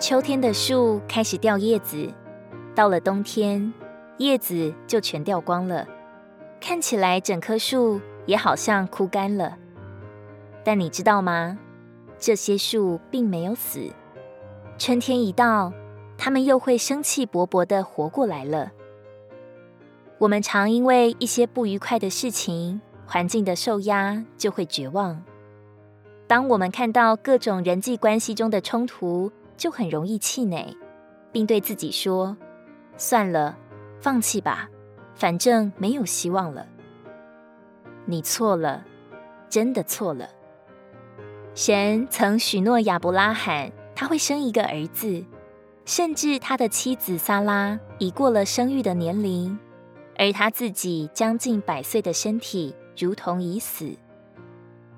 秋天的樹開始掉葉子，到了冬天，葉子就全掉光了，看起來整棵樹也好像枯乾了。但你知道嗎？這些樹並沒有死，春天一到，它們又會生氣勃勃地活過來了。我們常因為一些不愉快的事情、環境的受壓，就會絕望。當我們看到各種人際關係中的衝突，就很容易氣餒，並對自己說：“算了，放棄吧，反正沒有希望了。”你錯了，真的錯了。神曾許諾亞伯拉罕，他會生一個兒子，甚至他的妻子撒拉已過了生育的年齡，而他自己將近百歲的身體如同已死。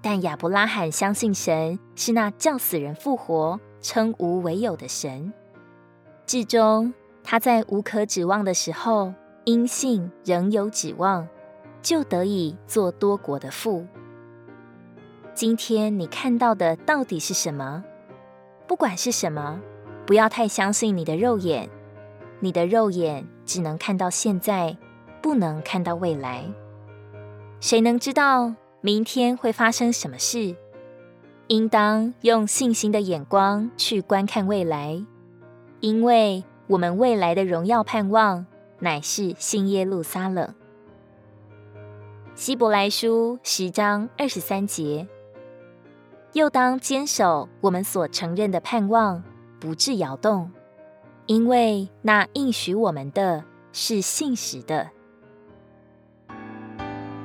但亞伯拉罕相信神是那叫死人復活。稱無為有的神，至終他在無可指望的時候，因信仍有指望，就得以做多國的父。今天你看到的到底是什麼？不管是什麼，不要太相信你的肉眼。你的肉眼只能看到現在，不能看到未來。誰能知道明天會發生什麼事？應當用信心的眼光去觀看未來，因為我們未來的榮耀盼望乃是新耶路撒冷。希伯來書十章二十三節。又當堅守我們所承認的盼望，不致搖動，因為那應許我們的是信實的。